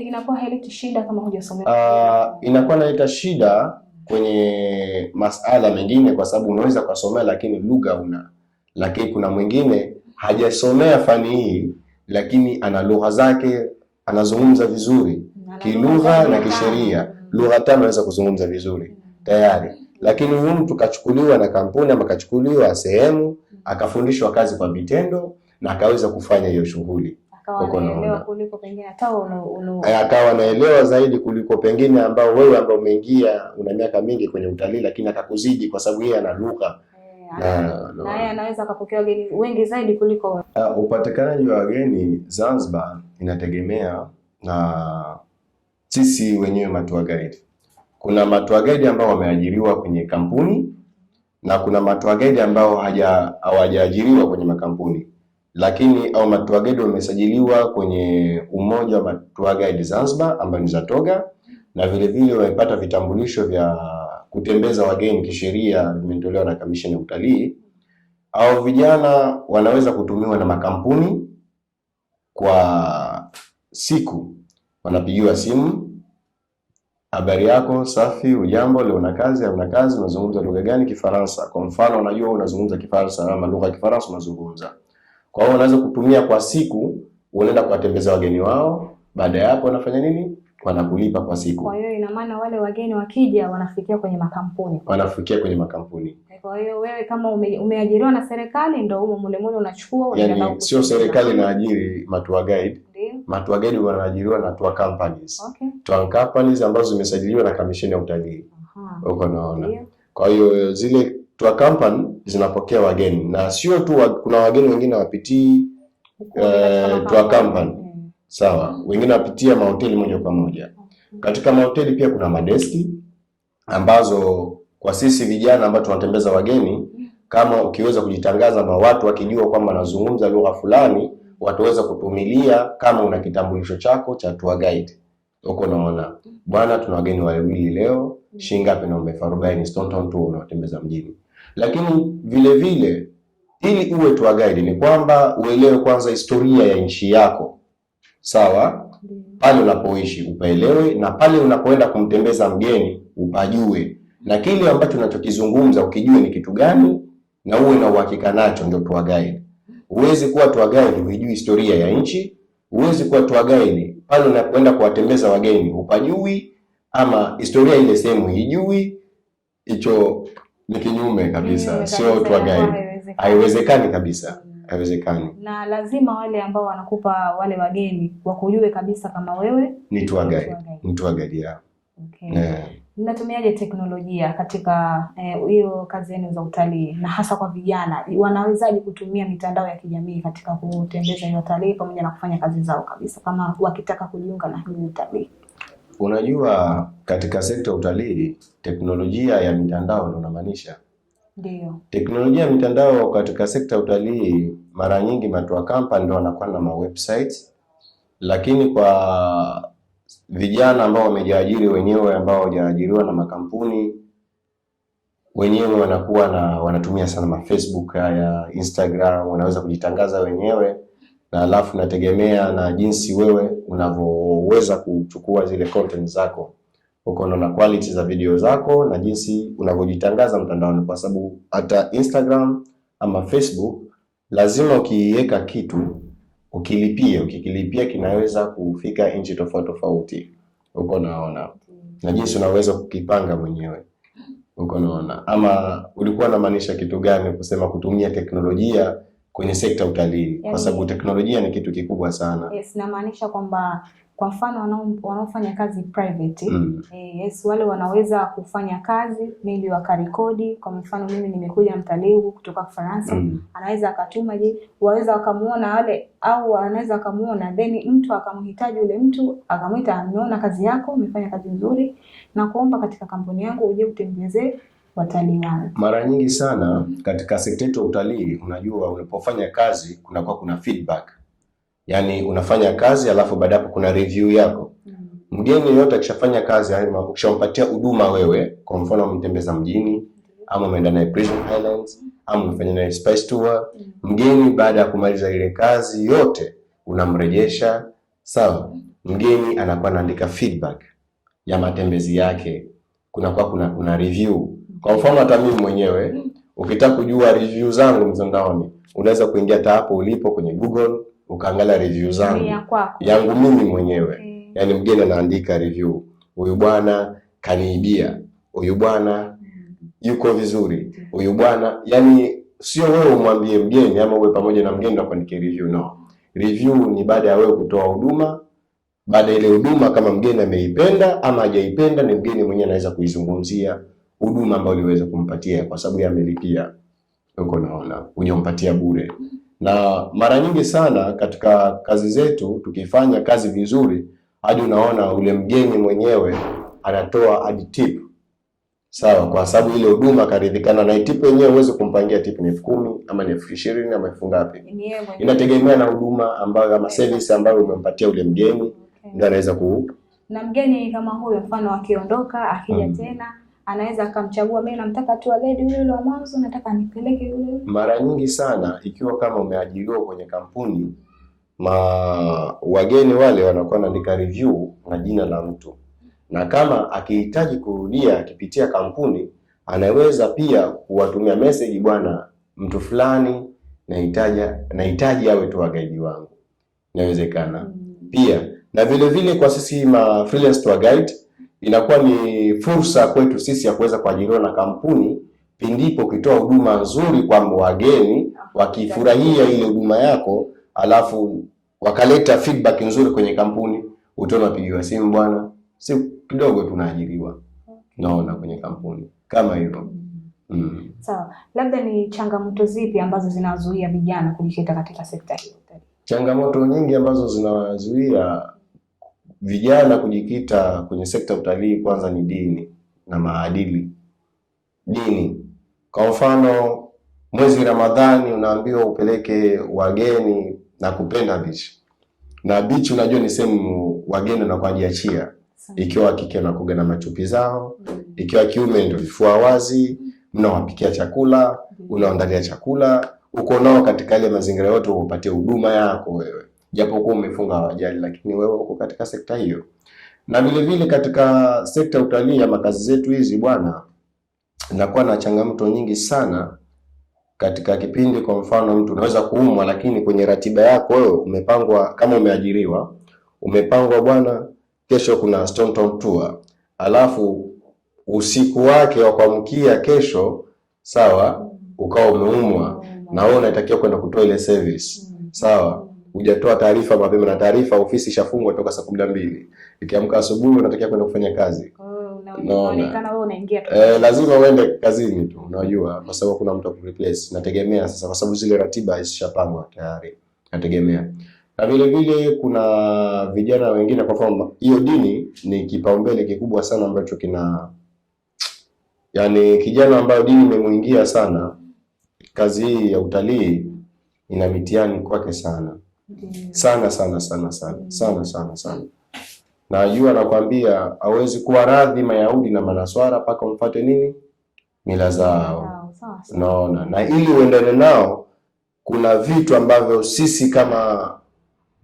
inakuwa haileti shida kama hujasomea. Uh, inakuwa shida kwenye masala mengine, kwa sababu unaweza kusomea lakini lugha una, lakini kuna mwingine hajasomea fani hii lakini ana lugha zake, anazungumza vizuri kilugha na kisheria, lugha tano anaweza kuzungumza vizuri mm. tayari, lakini huyu mtu kachukuliwa na kampuni ama kachukuliwa sehemu akafundishwa kazi kwa vitendo na akaweza kufanya hiyo shughuli. Eh, akawa anaelewa zaidi kuliko pengine ambao wewe ambao umeingia una miaka mingi kwenye utalii, lakini akakuzidi kwa sababu yeye eh, ana lugha anaweza akapokea wageni wengi zaidi kuliko uh, upatikanaji wa wageni Zanzibar inategemea na sisi wenyewe matua guide. Kuna matua guide ambao wameajiriwa kwenye kampuni na kuna matua guide ambao hawajaajiriwa kwenye makampuni lakini au matua wamesajiliwa kwenye umoja wa matua Zanzibar ambayo ni Zatoga, na vilevile wamepata vitambulisho vya kutembeza wageni kisheria, vimetolewa na kamisheni ya utalii. Au vijana wanaweza kutumiwa na makampuni kwa siku, wanapigiwa simu Habari yako safi, ujambo, leo una kazi au una kazi, unazungumza lugha gani? Kifaransa. Kwa mfano, unajua unazungumza Kifaransa ama lugha ya Kifaransa unazungumza kwa hiyo unaweza kutumia kwa siku, unaenda kuwatembeza wageni wao, baada ya hapo wanafanya nini? Wanakulipa kwa siku. Kwa hiyo ina maana wale wageni wakija wanafikia kwenye makampuni, wanafikia kwenye makampuni. Kwa hiyo wewe kama ume, umeajiriwa na serikali ndio huo mule mule unachukua, unaenda yani sio serikali na inaajiri matua guide matua guide wanaajiriwa na tour companies. Okay. Tour companies ambazo zimesajiliwa na kamisheni ya utalii. Aha. Uko naona. Kwa hiyo zile tour company zinapokea wageni na sio tu wa, kuna wageni wengine wapitii uh, tour company mm. sawa, wengine wapitia mahoteli moja kwa moja. Mm. Katika mahoteli pia kuna madeski ambazo kwa sisi vijana ambao tunatembeza wageni, kama ukiweza kujitangaza na watu wakijua kwamba nazungumza lugha fulani, wataweza kutumilia kama una kitambulisho chako cha tour guide huko naona bwana, tuna wageni wawili leo, mm. shilingi ngapi? Naomba elfu arobaini. Stone Town tu unatembeza mjini. Lakini vile vile, ili uwe tour guide ni kwamba uelewe kwanza historia ya nchi yako, sawa, pale unapoishi upaelewe, na pale unapoenda kumtembeza mgeni upajue, na kile ambacho unachokizungumza ukijue ni kitu gani, na uwe na uhakika nacho, ndio tour guide. Huwezi kuwa tour guide huijui historia ya nchi huwezi kuwatoa wageni pale unapoenda kuwatembeza wageni, upajui ama historia ile sehemu hijui, hicho ni kinyume kabisa, sio tour guide, haiwezekani kabisa, mm. haiwezekani. Na lazima wale ambao wanakupa wale wageni wakujue kabisa kama wewe ni tour guide, ni tour guide yao. Okay. Yeah mnatumiaje teknolojia katika eh, hiyo eh, kazi yenu za utalii na hasa kwa vijana, wanawezaje kutumia mitandao ya kijamii katika kutembeza hiyo utalii pamoja na kufanya kazi zao kabisa, kama wakitaka kujiunga na hii utalii? Unajua, katika sekta ya utalii teknolojia ya mitandao ndio unamaanisha? Ndio, teknolojia ya mitandao katika sekta ya utalii, mara nyingi matu wa kampani ndio wanakuwa na ma websites, lakini kwa vijana ambao wamejiajiri wenyewe ambao hawajaajiriwa na makampuni wenyewe wanakuwa na wanatumia sana ma Facebook ya Instagram, wanaweza kujitangaza wenyewe na alafu nategemea na jinsi wewe unavyoweza kuchukua zile content zako ukaona na quality za video zako na jinsi unavyojitangaza mtandaoni, kwa sababu hata Instagram ama Facebook lazima ukiiweka kitu ukilipia ukikilipia kinaweza kufika nchi tofauti tofauti, uko naona na jinsi unaweza kukipanga mwenyewe uko naona. Ama ulikuwa unamaanisha kitu gani kusema kutumia teknolojia kwenye sekta utalii, yani, kwa yaani sababu teknolojia ni kitu kikubwa sana. Yes, namaanisha kwamba kwa mfano wanaofanya kazi private mm. eh, yes, wale wanaweza kufanya kazi maybe wakarekodi. Kwa mfano mimi nimekuja mtalii huku kutoka Faransa mm. anaweza akatuma, je, waweza wakamuona wale au anaweza akamuona then mtu akamhitaji yule mtu akamwita, ameona kazi yako, umefanya kazi nzuri na kuomba katika kampuni yangu uje utembezee watalii wangu. Mara nyingi sana katika sekta yetu ya utalii, unajua unapofanya kazi kunakuwa kuna feedback yani unafanya kazi alafu baada hapo kuna review yako. Mm-hmm. Mgeni yoyote akishafanya kazi, ukishampatia huduma wewe, kwa mfano mtembeza mjini ama umeenda naye Prison Highlands ama umefanya naye Spice Tour, mm-hmm. mgeni baada ya kumaliza ile kazi yote unamrejesha sawa. Mgeni anakuwa anaandika feedback ya matembezi yake, kunakuwa kuna, kuna review. Kwa mfano hata mimi mwenyewe mm-hmm. ukitaka kujua review zangu mtandaoni unaweza kuingia hata hapo ulipo kwenye Google ukaangalia review zangu yangu mimi mwenyewe mm. Yani mgeni anaandika review, huyu bwana kaniibia, huyu bwana yuko vizuri, huyu bwana yani, sio wewe umwambie mgeni ama uwe pamoja na mgeni na review no. Review ni baada ya wewe kutoa huduma baada ile huduma kama mgeni ameipenda ama hajaipenda, ni mgeni mwenyewe anaweza kuizungumzia huduma ambayo uliweza kumpatia, kwa sababu yamelipia. Uko naona, unyompatia bure na mara nyingi sana katika kazi zetu tukifanya kazi vizuri, hadi unaona ule mgeni mwenyewe anatoa hadi tip sawa, kwa sababu ile huduma akaridhikana na tip yenyewe. Huwezi kumpangia tip ni elfu kumi ama ni elfu ishirini ama elfu ngapi, inategemea na huduma ambayo ama service ambayo umempatia ule mgeni, ndio anaweza ku na mgeni kama huyo, mfano akiondoka akija hmm. tena anaweza akamchagua, mimi namtaka tu aledi yule yule wa mwanzo, nataka nipeleke yule. Mara nyingi sana, ikiwa kama umeajiriwa kwenye kampuni ma wageni wale wanakuwa naandika review na jina la mtu, na kama akihitaji kurudia akipitia kampuni, anaweza pia kuwatumia message, bwana, mtu fulani nahitaji nahitaji awe tu wagaidi wangu, inawezekana. mm -hmm. Pia na vile vile kwa sisi ma freelance tour guide inakuwa ni fursa kwetu sisi ya kuweza kuajiriwa na kampuni pindipo ukitoa huduma nzuri kwa wageni, wakifurahia ile huduma yako, alafu wakaleta feedback nzuri kwenye kampuni, utaona pigiwa simu, bwana, si kidogo tunaajiriwa. Naona kwenye kampuni kama hivyo. Mm. Sawa. So, labda ni changamoto zipi ambazo zinazuia vijana kujikita katika sekta hiyo? Changamoto nyingi ambazo zinawazuia vijana kujikita kwenye sekta ya utalii kwanza ni dini na maadili. Dini kwa mfano, mwezi Ramadhani unaambiwa upeleke wageni na kupenda beach, na beach unajua ni sehemu wageni kujiachia, ikiwa kike nakuga na machupi zao, mm. ikiwa kiume ndio vifua wazi, mnawapikia chakula, mm. unaandalia chakula, uko nao katika ile mazingira yote, upatie huduma yako wewe japokuwa umefunga ajali, lakini wewe uko katika sekta hiyo. Na vile vile katika sekta ya utalii ya makazi zetu hizi bwana, inakuwa na changamoto nyingi sana katika kipindi. Kwa mfano, mtu unaweza kuumwa, lakini kwenye ratiba yako wewe umepangwa, kama umeajiriwa, umepangwa bwana, kesho kuna Stone Town tour, alafu usiku wake wa kuamkia kesho, sawa, ukawa umeumwa na wewe unatakiwa kwenda kutoa ile service, sawa hujatoa taarifa mapema, na taarifa ofisi ishafungwa toka saa kumi na mbili. Ikiamka asubuhi, unatakiwa kwenda kufanya kazi oh, Eh, lazima uende kazini tu, unajua, kwa sababu kuna mtu akureplace. Nategemea sasa, kwa sababu zile ratiba zishapangwa tayari, nategemea na vile vile kuna vijana wengine, kwa mfano hiyo dini ni kipaumbele kikubwa sana ambacho kina yani, kijana ambayo dini imemuingia sana, kazi hii ya utalii ina mitihani kwake sana sana sana sana sana sana sana sana. Na yeye anakuambia hawezi kuwa radhi Mayahudi na Manaswara mpaka umfate nini mila zao, unaona. Na ili uendane nao, kuna vitu ambavyo sisi kama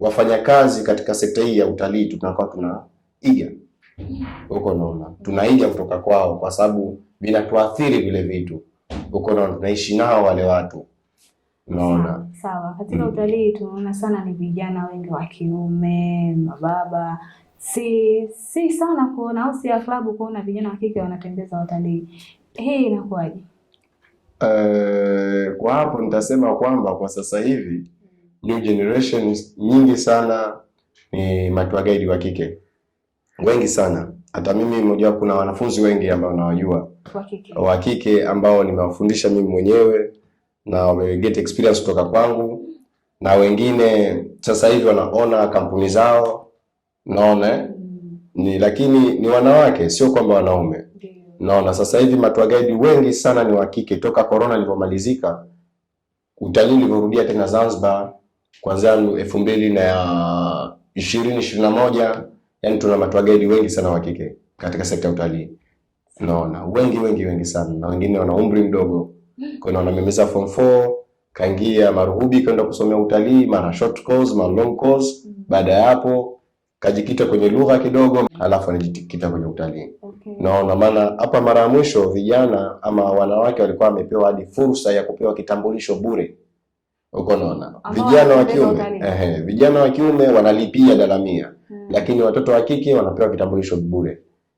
wafanyakazi katika sekta hii ya utalii tunakuwa tunaiga huko, naona tunaiga kutoka kwao, kwa sababu vinatuathiri vile vitu huko, naona tunaishi nao wale watu, unaona sawa. Katika mm. utalii tunaona sana ni vijana wengi wa kiume, mababa si si sana kuona au si aghlabu kuona vijana wa kike wanatembeza watalii. Hii inakuwaje? Uh, kwa hapo nitasema kwamba kwa sasa hivi new generation nyingi sana ni matua guide wa kike wengi sana. Hata mimi mmoja, kuna wanafunzi wengi ambao nawajua wa kike ambao nimewafundisha mimi mwenyewe na wameget experience kutoka kwangu, na wengine sasa hivi wanaona kampuni zao naona eh? mm. ni lakini ni wanawake, sio kwamba wanaume. Naona sasa hivi matua guide wengi sana ni wa kike. Toka corona ilipomalizika, utalii ulivyorudia tena Zanzibar kuanzia elfu mbili na ishirini ishirini na moja yani tuna matua guide wengi sana wa kike katika sekta ya utalii. Naona wengi wengi wengi sana, na wengine wana umri mdogo kwa hiyo namemeza form 4 kaingia Maruhubi kwenda kusomea utalii, mara short course, mara long course. Mm. Baada ya hapo kajikita kwenye lugha kidogo, alafu anajikita kwenye utalii okay. Naona maana hapa mara ya mwisho vijana ama wanawake walikuwa wamepewa hadi fursa ya kupewa kitambulisho bure uko naona vijana wa kiume ehe, vijana wa kiume wanalipia dalamia hmm. Lakini watoto wa kike wanapewa vitambulisho bure.